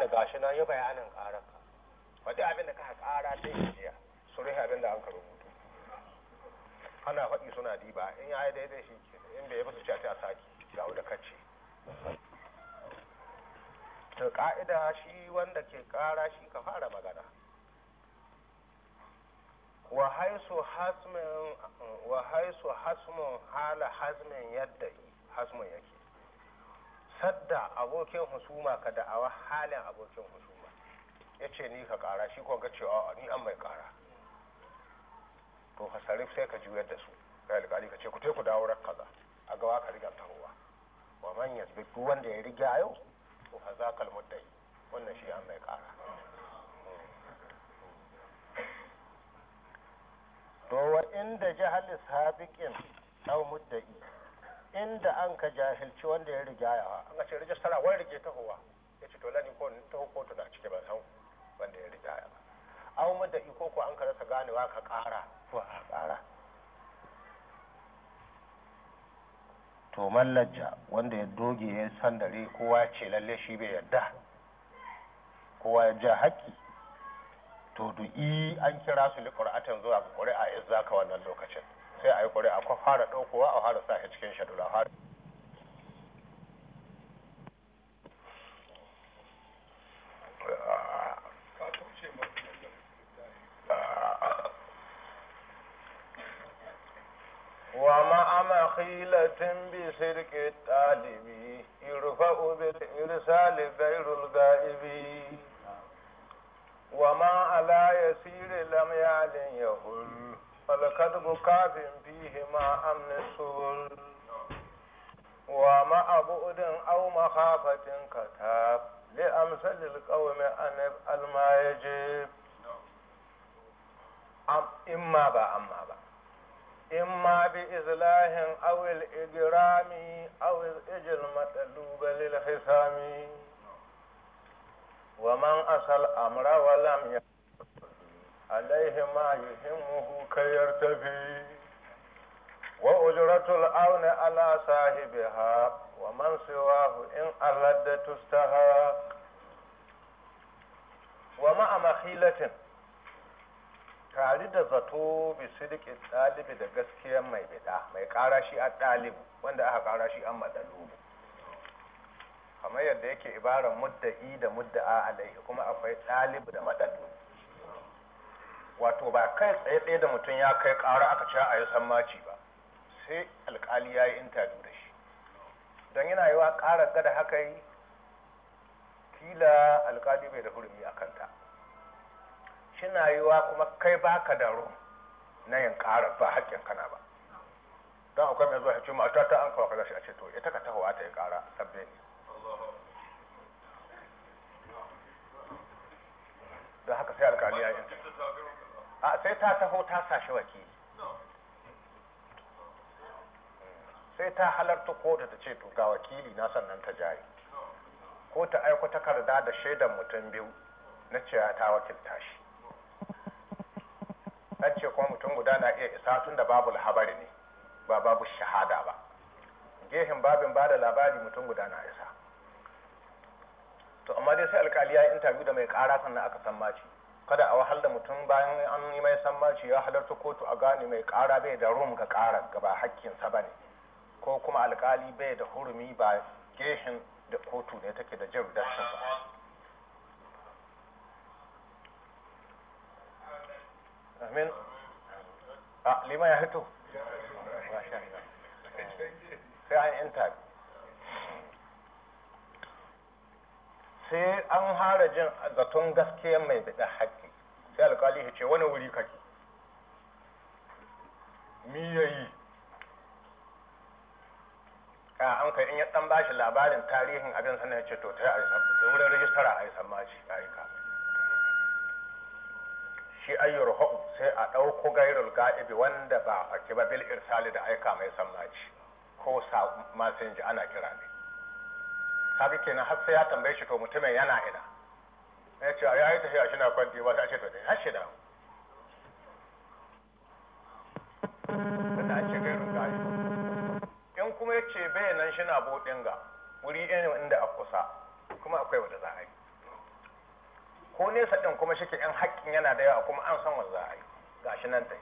wani gashi na yi bayanin karar ka wadda abin da ka kara ta yi jiya su rufe abin da an ka rubutu ana faɗi suna diba in ya yi daidai shi in bai ba su ci a ta saki ga wadda kacce ta ka'ida shi wanda ke kara shi ka fara magana wa haisu hasmin hala hasmin yadda hasmin yake sadda abokin husuma ka da'awa halin abokin husuma ya ce ni ka kara shi kuwa cewa ni an mai kara to hasarif sai ka juyar da su yi alƙali ka ce ku ku dawo rakkaza a gawa ka rigar taruwa wa manya yasbi wanda ya riga yau to fa zakal muddai wannan shi an mai kara to wa inda jahal sabiqin aw muddai inda an ka jahilci wanda ya rigaya an ce rijistara wani rige tahowa ya ce to lani ko taho kotu na cike ban san wanda ya rigaya ba an da iko ko an ka rasa ganewa ka kara ko a kara to mallajja wanda ya doge ya san dare kowa ce lalle shi bai yarda kowa ya ja haƙƙi to du'i an kira su liƙar'atan zuwa ga ƙuri'a ya zaka wannan lokacin sai a yi kwari akwai fara ɗaukowa a fara sa shi cikin shadula a fara wa ma'ama khilatin bi sirki talibi irfa'u bil irsali wa ma ala yasir فالكذب كاذب فيه مع أمن السبل وما بعد أو مخافة كتاب لأمثل القوم أن ما يجب أم إما با أما با إما بإزلاه أو الإجرام أو الإجل مطلوب للخصام ومن أصل أمر ولم يكن عليه ما يهمه كي يرتفي وأجرة العون على صاحبها ومن سواه إن أرد تستهاق ومع مخيلة tare da zato bi sidiki ɗalibi da gaskiyar mai bida mai ƙara shi a ɗalibu wanda aka ƙara shi an madalubu kamar yadda yake ibarar mudda'i da mudda'a alaihi kuma akwai ɗalibu da madalubu wato ba kai tsaye tsaye da mutum ya kai ƙara aka cewa a yi sammaci ba sai alƙali ya yi intabi da shi don yana yi wa ƙara gada haka yi kila alƙali bai da hurumi a kanta shina yi wa kuma kai ba ka rum na yin ƙara ba haƙƙin kana ba don akwai mai zuwa hajji mata ta an kawo kaza shi a ce to ita ka tahowa ta yi ƙara sabbe ne da haka sai alƙali ya yi a sai ta taho ta sashi wakili sai ta halarta da ta ce to ga wakili na sannan ta jari ko ta aiko takarda da shaidan mutum biyu na cewa ta wakilta shi an ce kuma mutum guda na iya isa tun da babu labari ne ba babu shahada ba Gehin babin ba da labari mutum guda na isa to amma dai sai alkali ya yi intabiyu da mai kara sannan aka san maci kada a wahal da mutum bayan an yi mai sammaci ya halarta kotu a gane mai kara bai da rum ga kara gaba hakkinsa ba ne ko kuma alkali bai da hurumi ba gehin da kotu ne take da jin dashin ba amin a ah, lima ya hito sai an yi sai an hara jin zaton gaskiya mai bida haƙƙi sai alƙali ya ce wani wuri kake mi yi ka an kai in ya ba bashi labarin tarihin abin sana ya ce to ta yi da wurin rijistara a yi sammaci ya yi ka shi ayyar hau sai a ɗauko gairul ga'ibi wanda ba a kibabil irsali da aika mai sammaci ko sa masinji ana kira ne kaga kenan har sai ya tambaye shi to mutumin yana ina ya ce a yayi tafiya shi na kwanti ba ta ce to dai har shi da in kuma ya ce bai nan shi na buɗin ga wuri ɗaya inda a kusa kuma akwai wata za a yi ko nesa ɗin kuma shi ke ɗan haƙƙin yana da yawa kuma an san wanda za a yi ga shi nan ta yi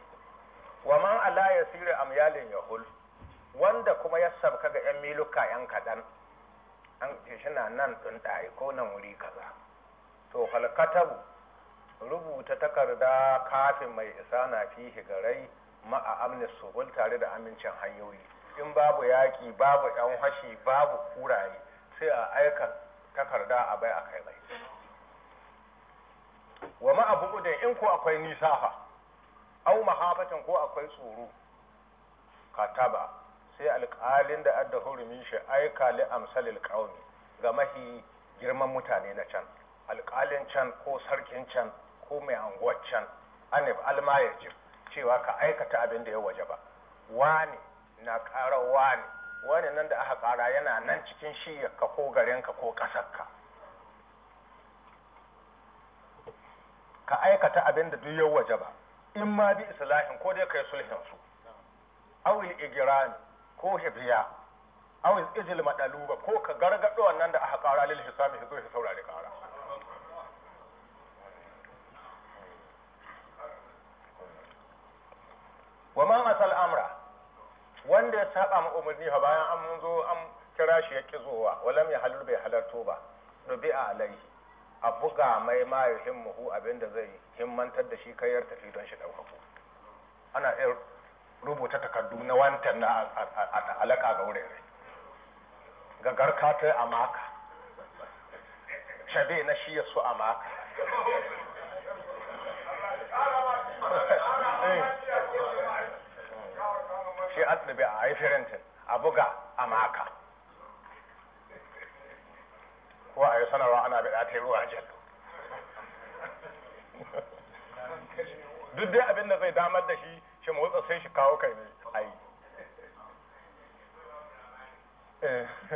wa man ala ya sire amyalin yahul wanda kuma ya sabka ga 'yan miluka 'yan kaɗan an shina nan ta ko nan wuri kaza to halkatabu rubuta takarda kafin mai isa na fi higarai ma'a amnis subul tare da amincin hanyoyi in babu yaƙi babu yan hashi babu kuraye sai a aika takarda a bai a kai mai wa ma abu gudun in ko akwai nisa fa au mahafatan ko akwai tsoro ka taba sai alƙalin da adda hurumin shi aika li amsalil qaumi ga mahi girman mutane na can alƙalin can ko sarkin can ko mai anguwar can anib almayajir cewa ka aikata abin da ya waje ba wani na ƙara wani wani nan da aka ƙara yana nan cikin ka ko garinka ko ƙasarka ka aikata abin da duk ya waje ba in ma bi islahin ko dai kai sulhin su awil igirani ko hibziya aw izil madaluba ko ka gargado wannan da aka kara lil hisami zo ya saurare kara wa ma masal amra wanda ya saba ma umarni fa bayan an zo an kira shi ya kizowa walam ya halul bai halarto ba rubi'a alaihi a buga mai ma ya himmuhu abinda zai himmantar da shi kai yar tafi don shi ɗaukaku ana rubuta takardu na wantan na alaka ga wurin. ga garka a maka shabe na shi su a maka shi adnabi a haifirintin a buga a maka ko a yi sanarwa ana bada ta yi ruwa jallo duk dai abin da zai damar da shi ce motsa sai shi kawo kai a yi eh.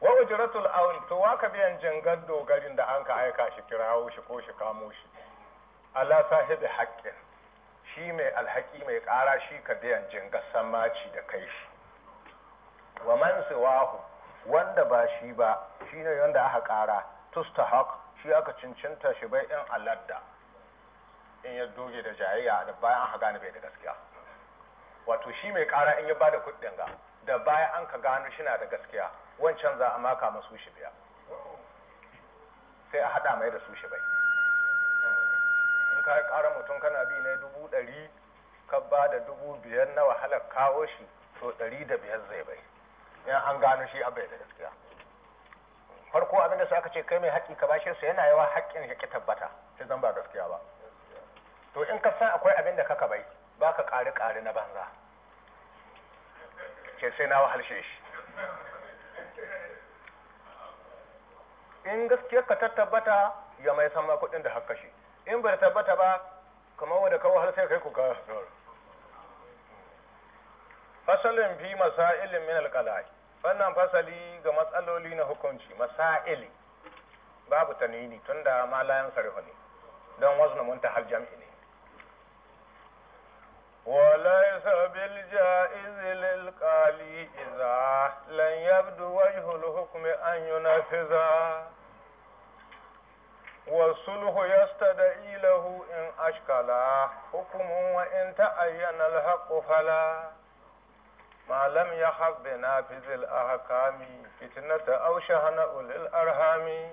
wa ujratul aun to waka biyan jangar dogarin da an ka aika shi kirawo shi ko shi kamo shi Allah sahibi haƙƙin shi mai alhaki mai ƙara shi ka biyan jangar samaci da kai shi wa man wanda ba shi ba shine wanda aka ƙara tustahaq shi aka cincinta shi bai in aladda in ya doge da jayayya da bayan aka gane bai da gaskiya wato shi mai kara in ya bada kuɗin ga da bayan an ka gano shi na da gaskiya wancan za a maka masu shi biya sai a haɗa mai da su shi bai in ka yi kara mutum kana bi ne dubu ɗari ka ba da dubu biyar na wahalar kawo shi to ɗari da biyar zai bai in an gano shi abai da gaskiya farko abin da sa aka ce kai mai haƙƙi ka bashe su yana yawa haƙƙin ya ki tabbata sai zan ba gaskiya ba to in ka san akwai abin da kaka bai ba ka ƙari ƙari na banza Ke sai na wahalshe shi in gaskiya ka tattabbata, ya mai sama kuɗin da haka shi in bai tabbata ba kamar wadda kawo har sai kai ku ka fasalin fi masailin min alqalai wannan fasali ga matsaloli na hukunci masaili babu tanini tunda tun da malayan ne don wazna har jami'in. وليس بالجائز للقالي إذا لن يبدو وجه الحكم أن ينفذا والصلح يستدعي له إن أشكلا حكم وإن تأين الحق فلا ما لم يحب بنافذ الأحكام فتنة أو شهن أولي الأرهام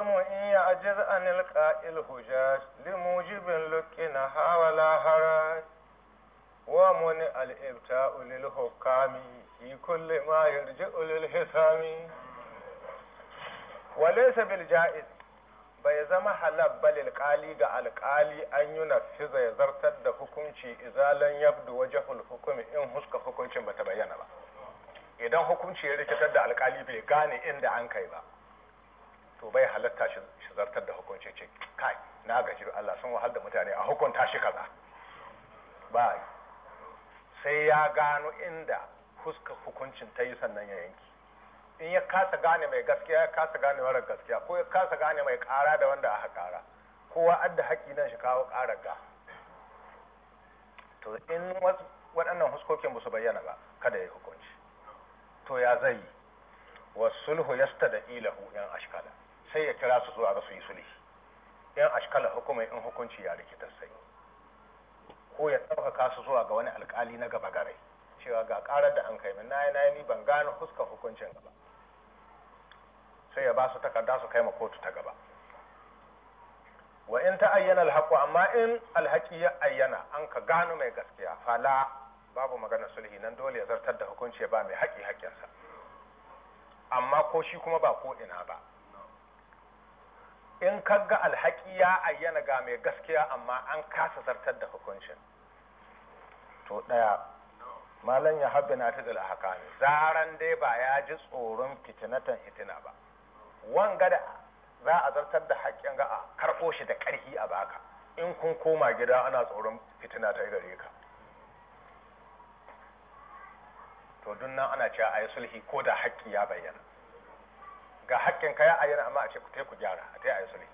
العزم إن يعجز عن القاء الهجاج لموجب لقنا ولا هراج ومنع الإبتاء للحكام في كل ما يرجع للحسام وليس بالجائز bai zama halal balil kali ga alkali an yi nafiza ya zartar da hukunci izalan yabdu waje hukumi in huska hukuncin bata bayyana ba idan hukunci ya rikitar da alkali bai gane inda an kai ba to bai halatta shi zartar da hukunci ce kai na gaji Allah sun wahal da mutane a hukunta shi kaza ba sai ya gano inda huska hukuncin ta yi sannan ya yanki in ya kasa gane mai gaskiya ya kasa gane mara gaskiya ko ya kasa gane mai kara da wanda aka kara kowa adda haƙi nan shi kawo karar ga to in waɗannan huskokin ba su bayyana ba kada ya hukunci to ya zai sulhu yasta da ilahu yan ashkala sai ya kira su zuwa su yi sulhi yan ashkala hukuma in hukunci ya rikitar sai ko ya ɗaukaka su zuwa ga wani alkali na gaba garai cewa ga ƙarar da an kai min na yi ni ban gano huska hukuncin gaba sai ya ba su takarda su kai ma kotu ta gaba wa in ta ayyana alhaku amma in alhaki ya ayyana an ka gano mai gaskiya fala babu magana sulhi nan dole ya zartar da hukunci ya ba mai haƙi haƙƙinsa amma ko shi kuma ba ko ina ba in ka ga alhaƙi ya ayyana ga mai gaskiya amma an kasa zartar da hukuncin to ɗaya malam ya habbi na tudul haka ne zaran dai ba ya ji tsoron fitinatan hitina ba wanga da za a zartar da haƙƙin ga a karɓo shi da ƙarfi a baka in kun koma gida ana tsoron fitina ta gare ka to dunnan ana cewa a yi sulhi ko da haƙƙi ya bayyana ga hakkin ka ya yana amma a ce ku ku gyara a ta yi sulhi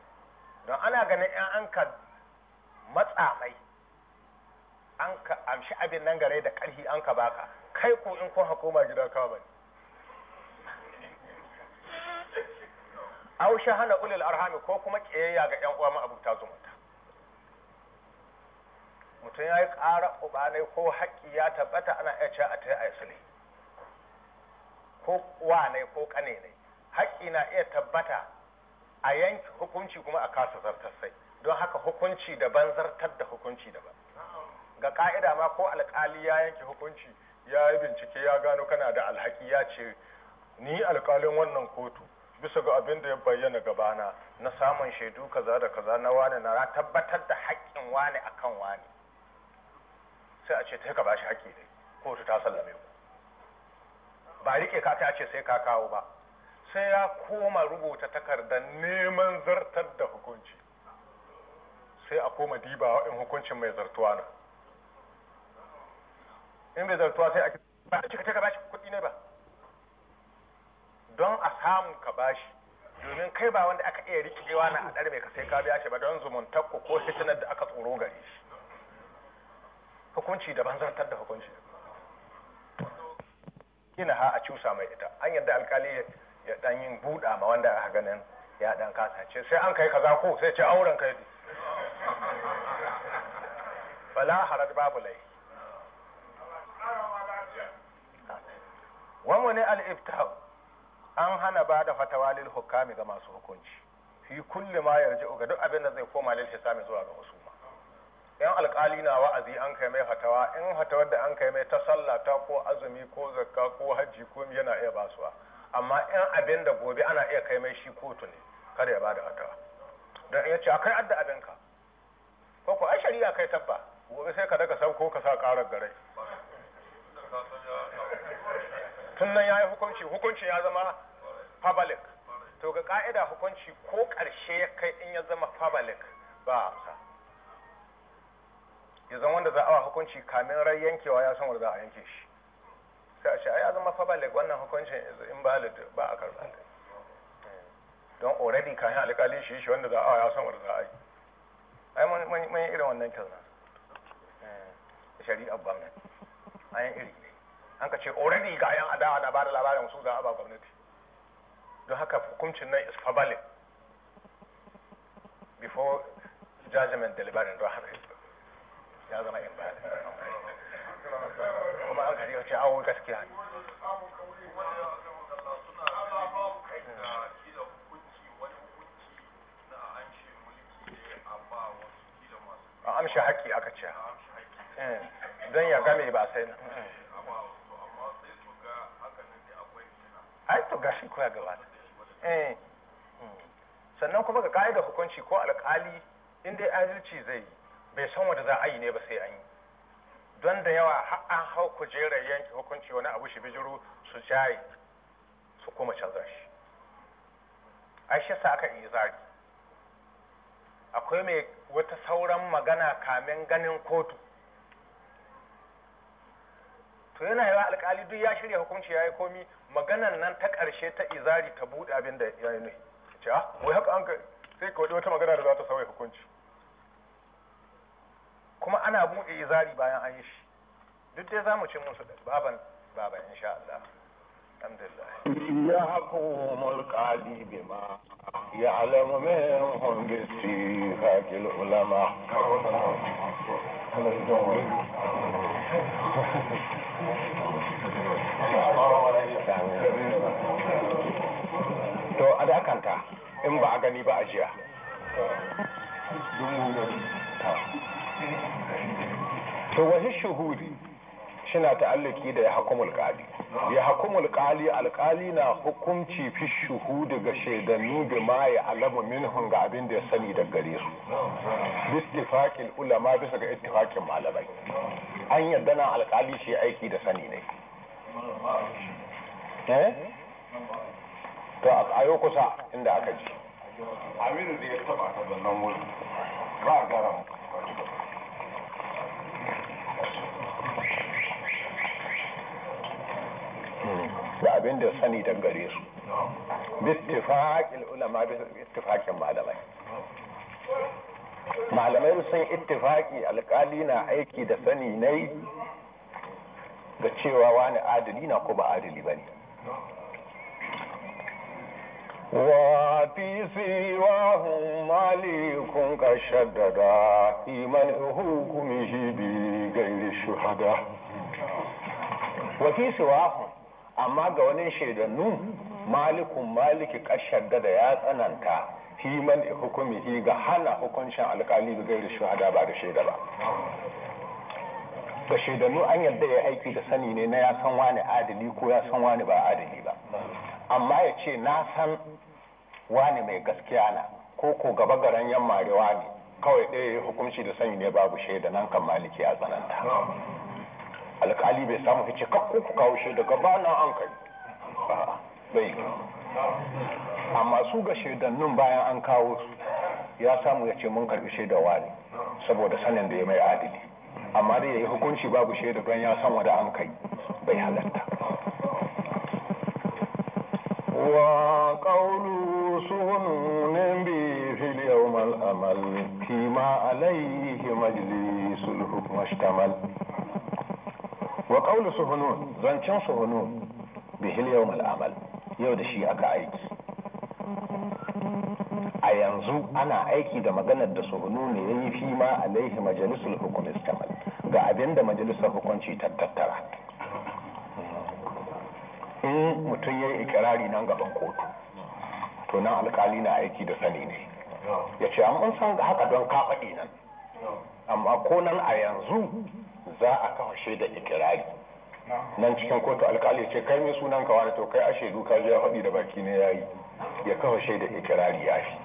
don ana ganin yan an ka matsa mai an ka amshi abin nan gare da ƙarfi an ka baka kai ko in kun hakoma gida ka bane aw hana ulil arhami ko kuma kiyayya ga yan uwa ma ta zumunta mutum ya yi ƙara ubanai ko haƙƙi ya tabbata ana iya cewa a ta yi sulhi ko uwa ne ko ƙane ne haƙƙi na iya tabbata a yanki hukunci kuma a kasa zartar sai don haka hukunci daban zartar da hukunci daban ga ka'ida ma ko alkali ya yanke hukunci ya yi bincike ya gano kana da alhaki ya ce ni alkalin wannan kotu bisa ga abin da ya bayyana gabana na samun shaidu kaza da kaza na wani na tabbatar da haƙƙin wani akan wani sai a ce ta ka bashi haƙƙi ne kotu ta sallame ku ba rike ka ta ce sai ka kawo ba sai ya koma rubuta takardar neman zartar da hukunci sai a koma dibawa in hukuncin mai zartuwa na in mai zartuwa sai a ba a cika ka bashi kuɗi ne ba don a samu ka bashi domin kai ba wanda aka iya rikidewa na a ɗar mai ka sai ka biya shi ba don zumuntakku ko fitinar da aka tsoro gare shi hukunci daban zartar da hukunci gina ha a cusa mai ita an yadda alkali ya dan yin buɗa ma wanda aka ganin ya dan kasa ce sai an kai kaza ko sai ce auren kai bala haraj babu lai wa ne al-iftahu an hana ba da fatawa lil hukami ga masu hukunci fi kulli ma yarji ga duk abin da zai koma lil hisami zuwa ga usuma yan alkali na wa'azi an kai mai fatawa in fatawar da an kai mai ta sallah ta ko azumi ko zakka ko hajji ko yana iya basuwa amma yan abin da gobe ana iya kai mai shi kotu ne kada ya ba da fatawa don ya ce a kai adda abinka ko ko ai shari'a kai tabba gobe sai ka daga sauko ka sa karar gare tun nan ya yi hukunci hukunci ya zama public to ga ka'ida hukunci ko karshe ya kai in ya zama public ba amsa ya zama wanda za a hukunci kamin rai yankewa ya san wanda za a yanke shi sai ai ya zama fa balik wannan hukuncin in balik ba a karɓa don already kayan alƙali shi shi wanda za a ya san wanda za a yi ai mun yi irin wannan kyau eh, shari'ar gwamnati an yi iri an ka ce already ga yan adawa na bada labarin su za a ba gwamnati don haka hukuncin nan is public before judgment delivery don haka ya zama in kuma aka kare ce awon gaskiya ne a amshi haƙƙi aka ce eh, don ya game ba sai na ai gashi gashi ya gabata, eh, hmm. sannan kuma ga ka'idar hukunci ko alƙali inda ya adalci zai yi bai san wanda za a yi ne ba sai an yi don da yawa an hau kujera yanke hukunci wani abu shi bijiru su jaye su kuma canza shi shi sa aka zari akwai mai wata sauran magana kamin ganin kotu to yana yawa alkali duk ya shirya hukunci ya yi komi maganan nan ta ƙarshe ta izari ta buɗe abin da ya yi ne wai haka an sai ka wata magana da za ta sauya hukunci kuma ana buɗe izari bayan an yi shi duk dai za mu ci musu da baban baban insha Allah alhamdulillah ya bima ulama to a dakanta in ba a gani ba a jiya to wahi shuhudi shina ta'allaki da ya hakumul mulƙali ya hakumul mulƙali alƙali na hukunci fi shuhudi ga shaidannu da ma ya alamu ga abin da ya sani da gare su bis ittifaqil ulama bisa ga ittifaqin malamai an yadda na alƙali shi aiki da sani ne ta eh? to a yau kusa inda aka ji aminu da ya taba ta bannan wuri. ba garan abin da sani don gare su ittifakin malamai malamai sun ittifaki alkali na aiki da sani na yi ga cewa wani adili na kuma adili ba ne wa ti si wa hun mali kun ka shaddada iman hukumi shi bi gairi shuhada wa ti si wa hun amma ga wani shaidannu malikun maliki kashar da ya tsananta himan hukumihi ga hana hukuncin alkali da gairi shuhada ba da shaida ba ga shaidannu an yadda ya aiki da sani ne na ya san wani adali ko ya san wani ba adali ba amma ya ce na san wani mai gaskiya na ko ko gaba garan yan marewa ne kawai ɗaya hukunci da sani ne babu shaida nan kan maliki a tsananta alkali bai samu fice kakko ku kawo shi ba na an kai bai amma su ga nun bayan an kawo su ya samu ya ce mun karbi shaidar wani saboda sanin da ya mai adili amma da ya yi hukunci babu shaida don ya san wada an kai bai halatta wa qawlu ne bi fil yawm amal kima alayhi majlisul hukm ashtamal wa kaulu suhunun zancen suhunun bihil yawmal amal yau da shi aka aiki a yanzu ana aiki da maganar da suhunun ne yayi fi ma alaihi majalisul hukm istamal ga abinda majalisar hukunci ta tattara in mutum ya yi ikirari nan gaban kotu to nan alkali na aiki da sani ne yace ce an san haka don kafaɗi nan amma ko nan a yanzu za a kama shaida ikirari nan cikin kotu alkali ce kai mai sunan ka wani to kai a shaidu ka ya faɗi da baki ne ya yi ya kawo shaida ikirari ya shi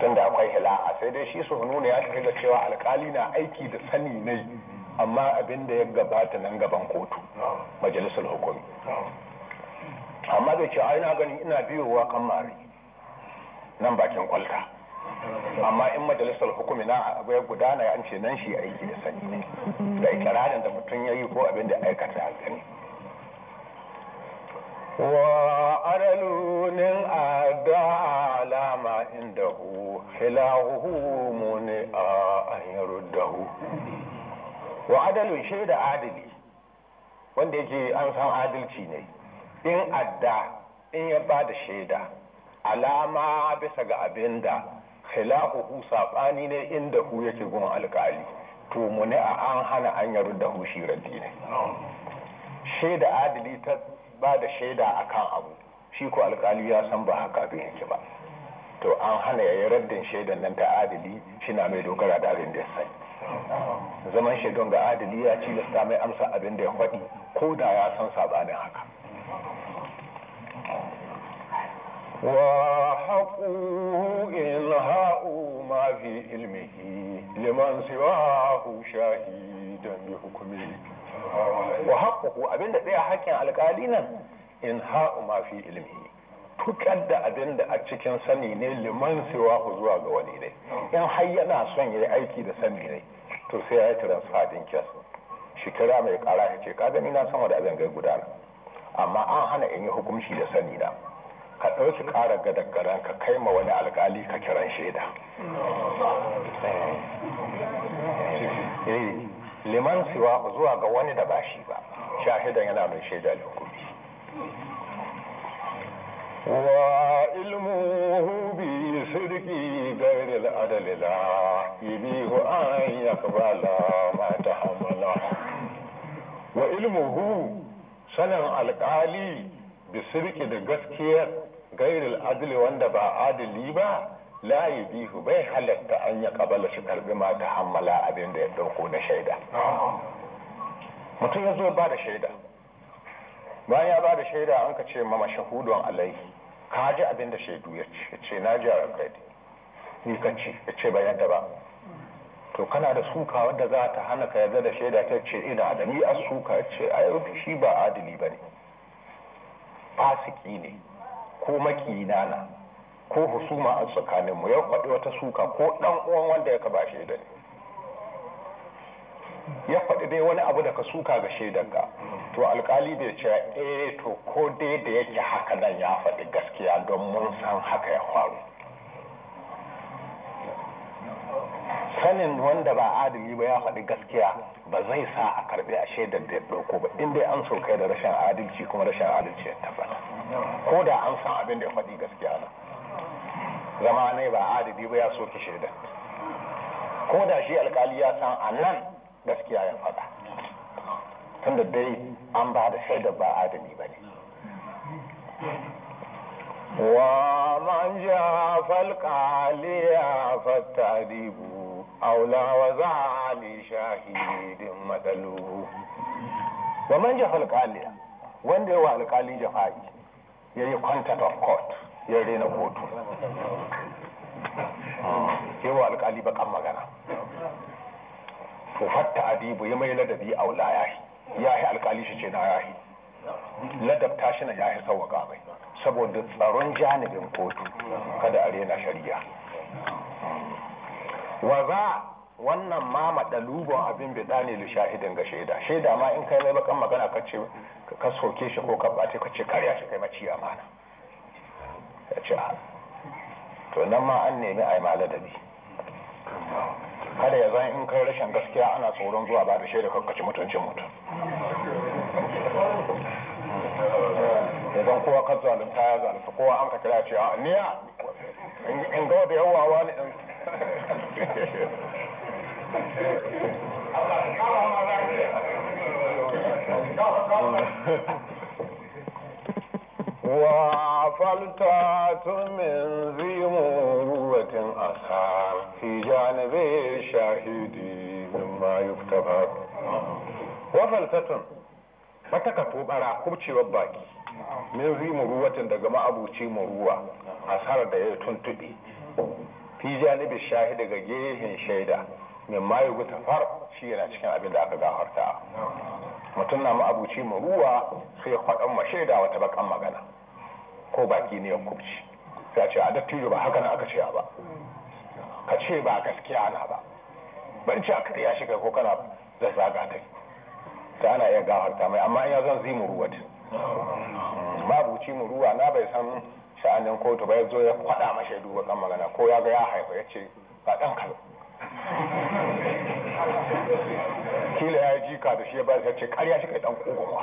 tun da akwai hila'a sai dai shi su ne ya tafi da cewa alkali na aiki da sani ne amma abin da ya gabata nan gaban kotu majalisar hukumi amma zai ce ai na gani ina biyowa kan mari nan bakin kwalta amma in majalisar hukumi na abu ya gudana ya ce nan shi aiki da sani ne da ikirarin da mutum ya yi ko abin da aikata a gani wa aralunin ada alama inda hu hilahu muni a an dahu wa adalun shaida adali wanda yake an san adalci ne in adda in ya ba da shaida alama bisa ga abin da khilafuhu sabani ne inda hu yake gun alkali to muni a an hana an yaru da hu shi radi ne shaida adili ta ba da shaida akan abu shi ko alkali ya san ba haka bai yake ba to an hana ya raddin shaidan nan ta adili shi na mai dogara da abin da ya zaman shaidan ga adili ya ci da mai amsa abin da ya faɗi ko da ya san sabanin haka وحقه إلهاء ما في علمه لمن سواه شهيدا بحكمه وحقه أبين دي حكي على قالينا إنهاء ما في علمه tukar da abin da a cikin sani ne liman siwa ku zuwa ga wani ne in har yana son yi aiki da sani ne to sai ya yi transfer din kes shekara mai kara ya ce ka gani na san wani abin gai gudana amma an hana in yi hukumci da sani na ka ɗauki ƙara gadagara ka kai ma wani alƙali ka kiran shaida eh. Eh. liman siwa zuwa ga wani da ba shi ba shahidan yana mai shaida da hukumi wa ilmuhu bi sirki gairi al'adalila ibihu an yakbala ma ta hamala wa ilmuhu sanin alƙali da sirki da gaskiyar gairil adili wanda ba adili ba la bihu bai halatta an ya kabala shi karbi ma ta hammala abin da ya dauko na shaida mutum ya zo ba da shaida bayan ya ba da shaida an ka ce mama shahudon alai ka ji abin da shaidu ya ce na ji a kai. ni ka ce ya ce bayan yadda ba to kana da suka wanda za ta hana ka yarda da shaida ta ce ina da ni a suka ya ce a yau shi ba adili ba ne fasiki ne ko makiyina na ko husuma a mu ya faɗi wata suka ko ɗan uwan wanda ya ka ba shaida ne ya faɗi dai wani abu da ka suka ga shaidanka to alkali bai ce e to ko dai da yake haka nan ya faɗi gaskiya don mun san haka ya faru sanin wanda ba adami ba ya faɗi gaskiya ba zai sa a karbi a shaidar da ya ɗauko ba in dai an so kai da rashin adalci kuma rashin adalci ya tabbata ko da an san abin da ya faɗi gaskiya na zama ne ba adadi ba ya soke shaidar ko da shi alkali ya san a nan gaskiya ya faɗa tun da dai an ba da shaidar ba adali ba ne wa man ja falƙaliya fattadibu أولى وزع لي شهيد مدلوه ومن جف القالية وين دي القالي جفاي يلي كونتنت اوف كوت ya rena kotu cewa alkali bakan magana fatta adibu ya mai ladabi a wula ya yahi alkali shi ce na yahi ladabta shi na yi sauwaka mai saboda tsaron janibin kotu kada a rena shari'a wa za wannan ma madalubon abin bida ne li shahidin ga shaida shaida ma in kai mai bakan magana ka ce ka soke shi ko ka bace ka ce karya shi kai maci amana ya ce to nan ma an nemi a yi maladabi kada ya zan in kai rashin gaskiya ana tsoron zuwa ba da shaida kakkaci mutuncin mutum idan kowa ka zalunta ya zalunta kowa an ka kira ce a niya in ga da yawawa ne وعفلتات من ذي مروة أثار في جانب الشاهد مما يكتفى وفلتة mata ka tobara kubcewar baki min zi muruwatin daga ma'abuci ruwa, asarar da ya tuntuɗe fi janibi shahi daga gehen shaida min ma yugu tafar shi yana cikin abin da aka gafarta mutum na ma'abuci mu ruwa sai kwaɗan ma shaida wata bakan magana ko baki ne ya kubci sai ce a dattijo ba haka na aka ce ba ka ce ba gaskiya na ba ban ci aka ya shiga ko kana zazzaga ta ta ana iya gafarta mai amma ya zan zi mu ruwa babu mu ruwa na bai san nan kotu bai zo ya kwada ma shaidu ba kan magana ko ya ga ya haifa ya ce ba ɗan kalo kila ya ji ka da shi ya ba ya ce karya shi kai ɗan kogowa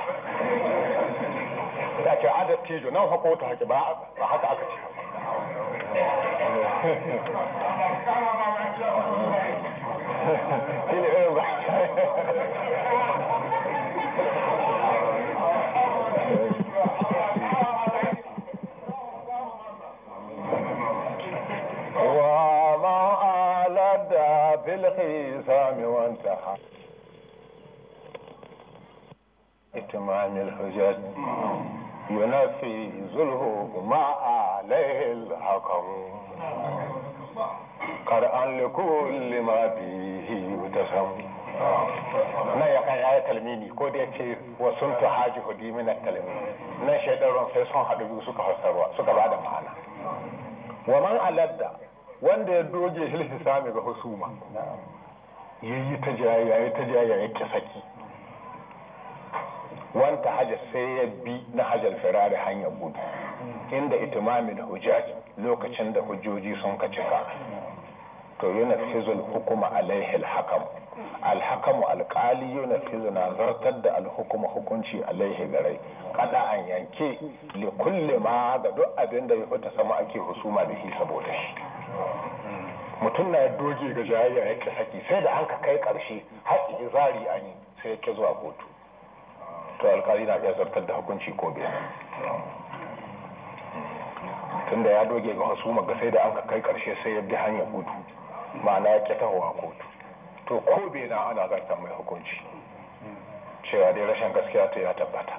ya ce adar ah, tejo nan hako ta haƙi ba haka aka ce kila irin ba الخصام وانتهى اتمام الحجج ينفذه ما عليه الحكم قرأ لكل ما فيه يتسم na ya kan yaya talmini ko da yace wa sun ta haji hudi min talmini na shaidarun sai sun haɗu suka fassarwa suka bada ma'ana wa man aladda wanda ya doge hilhi sami ga husuma yayi ta jaya ya ta jaya ya saki wanta haja sai ya bi na hajar firari hanyar gudu inda da hujjaj lokacin da hujjoji sun ka cika to yana fizul hukuma alaihi hakam alhakamu alkali fizu na zartar da alhukuma hukunci alaihi garai kada an yanke le kulle ma ga duk abin da ya fita sama ake husuma da shi saboda shi mutum na doge ga jayayya ke saki sai da an kai karshe har izari an yi sai ke zuwa kotu to alkali na iya zartar da hukunci ko bai tunda ya doge ga husuma ga sai da an kai karshe sai ya bi hanyar gudu ma'ana ya ƙi tahowa kotu to ko bai na ana zarta mai hukunci cewa dai rashin gaskiya ta ya tabbata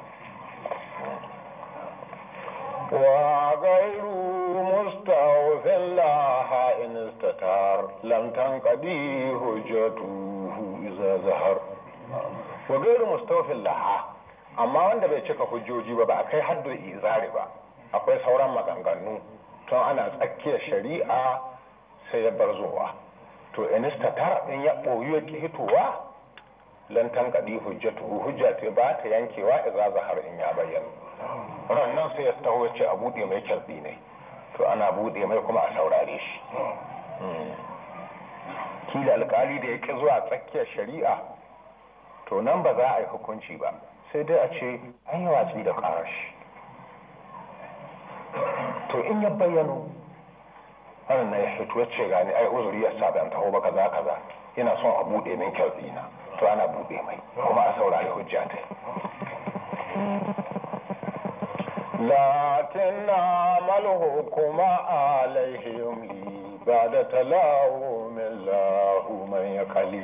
wa gairu mustawfin laha in istatar lam tanqadi hujjatuhu iza zahar wa gairu mustawfin laha amma wanda bai cika hujjoji ba ba a kai haddu izari ba akwai sauran maganganu tun ana tsakiyar shari'a sai ya bar zuwa to inista tara in ya ɓoyi ya hitowa lantan kaɗi hujjatu hujja ta ba ta yankewa idza zahar in ya bayyana Wannan sai ya taho ya ce a buɗe mai kyalɗi ne to ana bude mai kuma a saurare shi hmm. Ki da alkali da ya zuwa tsakiyar shari'a to nan ba za a yi hukunci ba sai dai a ce an yi watsi da karashi to in ya bayyana. wannan na ya ya ce gani ai uzuri ya sa taho ba kaza kaza yana son a bude min kyau na to ana bude mai kuma a saurari hujja ta latin amalhu kuma alaihim ba da talawo min lahu man ya kali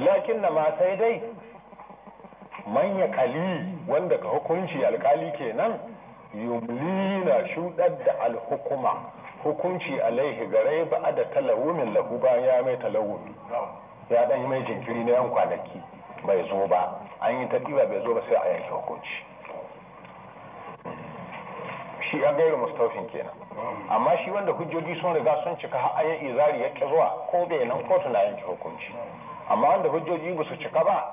lakin na ma dai man ya kali wanda ka hukunci alkali kenan na shudar da alhukuma hukunci alaihi gare ba a da talawumin lahu bayan ya mai talawumi ya dan yi mai jinkiri na yan kwanaki bai zo ba an yi tafiya bai zo ba sai a yanke hukunci shi an gairu mustafin kenan amma shi wanda hujjoji sun riga sun cika har ayi izari ya zuwa ko bai nan kotu na yanke hukunci amma wanda hujjoji ba su cika ba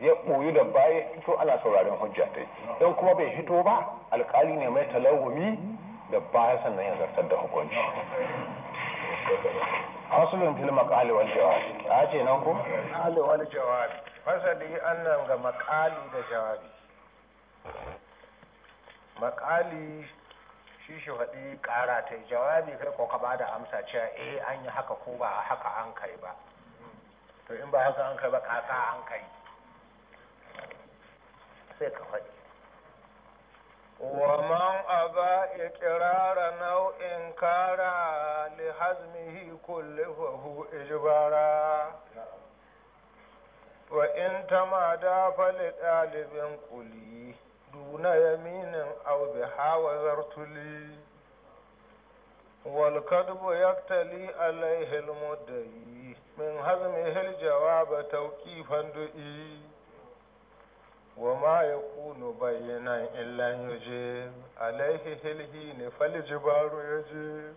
ya ɓoyi da baya to ana sauraron hujja ta in kuma bai hito ba alkali ne mai talawumi da baya sannan ya zartar da hukunci fasulun fil makali wal jawabi a ce nan ko Makali wal jawabi fasali annan ga makali da jawabi Makali shi shi faɗi ƙara ta jawabi kai ko ka ba da amsa cewa eh an yi haka ko ba haka an kai ba to in ba haka an kai ba kaka an kai sai ka faɗi ومن أبى إقرار أو إنكار لحزمه كلفه إجبارا وإن تمادى فلطالب قلي دون يمين أو بها وزرت لي والكذب يقتلي عليه المدعي من هزمه الجواب توكيفا دئي وما يكون بينا إلا يجيب عليه الهين فالجبار يجيب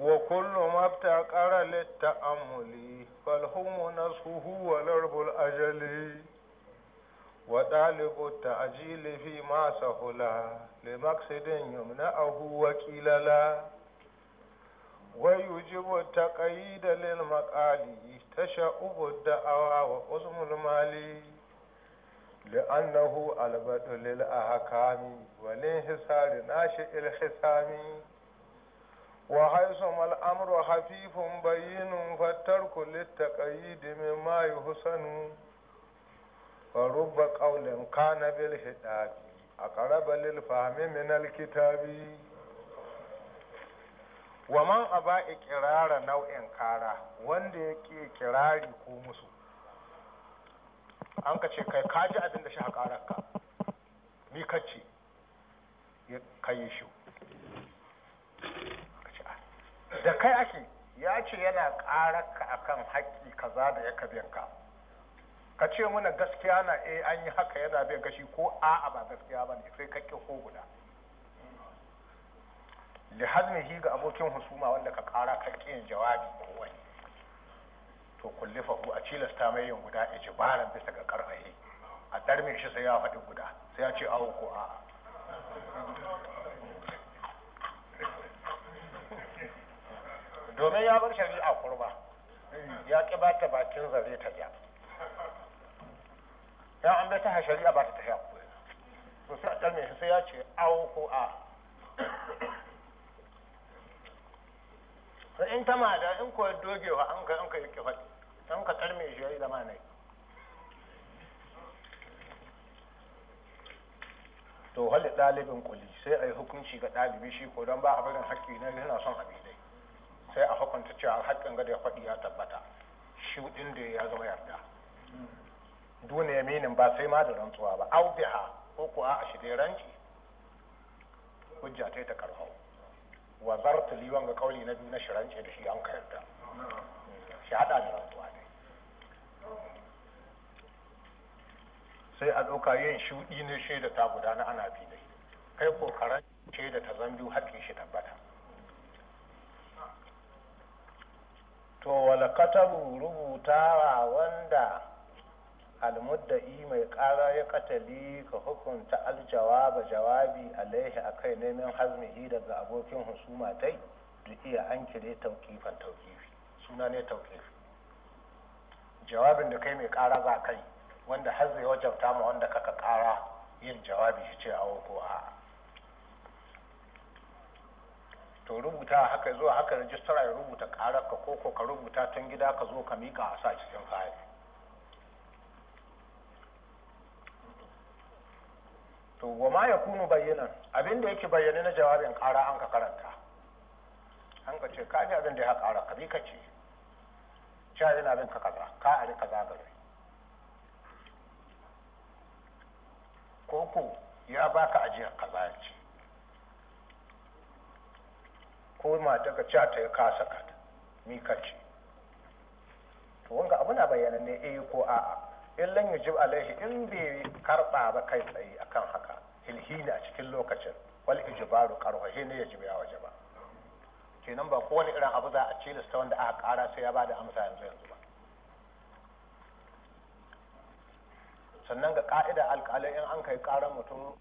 وكل ما ابتكر للتأمل فالهم نصفه والرب الأجل وطالب التعجيل فيما سهلا لمقصد يمنعه وكيل لا ويجب التقييد للمقال تشعب الدعوى وأزم المالي لأنه البدء للأحكام والانحسار ناشئ الحسام وحيثما الأمر خفيف بين فالترك للتقييد مما يحسن فرب قول كان بالهداب أقرب للفهم من الكتاب ومن أبا إقرار نوع إنكار وان دي يكون كومسو an ka ce kai kaji abin da shi haƙararka ni kacce ya kayi shi ah. da kai ake ya ce yana ƙararka akan haƙƙi kaza da ya kabin ka ka ce muna gaskiya na eh an yi haka yana bai gashi." ko a ba gaskiya ba ne sai ka ko guda li hazmihi ga abokin husuma wanda ka ƙara ka yin jawabi ko wani to kullifa ku a cilasta mai yin guda ijbaran bisa ga karfahi a darmin shi sai ya faɗi guda sai ya ce awo ko a domin ya bar shari'a kurba ya ƙi ba ta bakin zare ta ja ya an bai ta shari'a ba ta tafiya to sai a ƙarme shi sai ya ce awo ko a in ta mada in koyar dogewa an ka yi ƙi Tamka kalme shi ya yi zama ne to hali ɗalibin kuli sai a yi hukunci ga ɗalibi shi ko don ba a barin haƙƙi na yana son abi dai sai a hukunta cewa haƙƙin ga da ya faɗi ya tabbata shi ɗin da ya zama yarda ya yaminin ba sai ma da rantsuwa ba au biha ko kuwa a shi dai ranci hujja ta ta karfa wa zartu liwan ga kauli na biyu na shirance da shi an ka yarda shi hada da rantsuwa sai a ɗauka yin shuɗi ne shaida ta gudana ana fi dai kai ko shaida ta zan biyu haƙƙi shi tabbata to wala katabu wa wanda almuddai mai ƙara ya katali ka hukunta aljawaba jawabi alaihi akai neman hazmihi daga abokin husuma tai duk iya an kire taukifan taukifi suna ne taukifi jawabin da kai mai ƙara za kai wanda har zai wajabta ma wanda kaka kara yin jawabi shi ce awo ko a to rubuta haka zuwa haka rajistara ya rubuta karar ka koko ka rubuta tun gida ka zo ka mika a sa cikin fayil to wa ma ya kunu bayyana abin da yake bayyane na jawabin kara an ka karanta an ka ce ka ji abin da ya kara ka bi ka ce cewa yana bin ka kaza ka a kaza zagare koko ya baka ajiyar kaza ce ko mata ka ca ta ya kasa ka mi ka ce to wanga abu na bayyana ne eh ko a'a illan yajib alaihi in bai karba ba kai tsaye akan haka hilhini a cikin lokacin wal ijbaru shi ne yajib ya wajaba kenan ba kowane irin abu za a cilasta wanda aka kara sai ya bada amsa yanzu yanzu sannan ga ka'ida alƙalai in an kai ƙarar mutum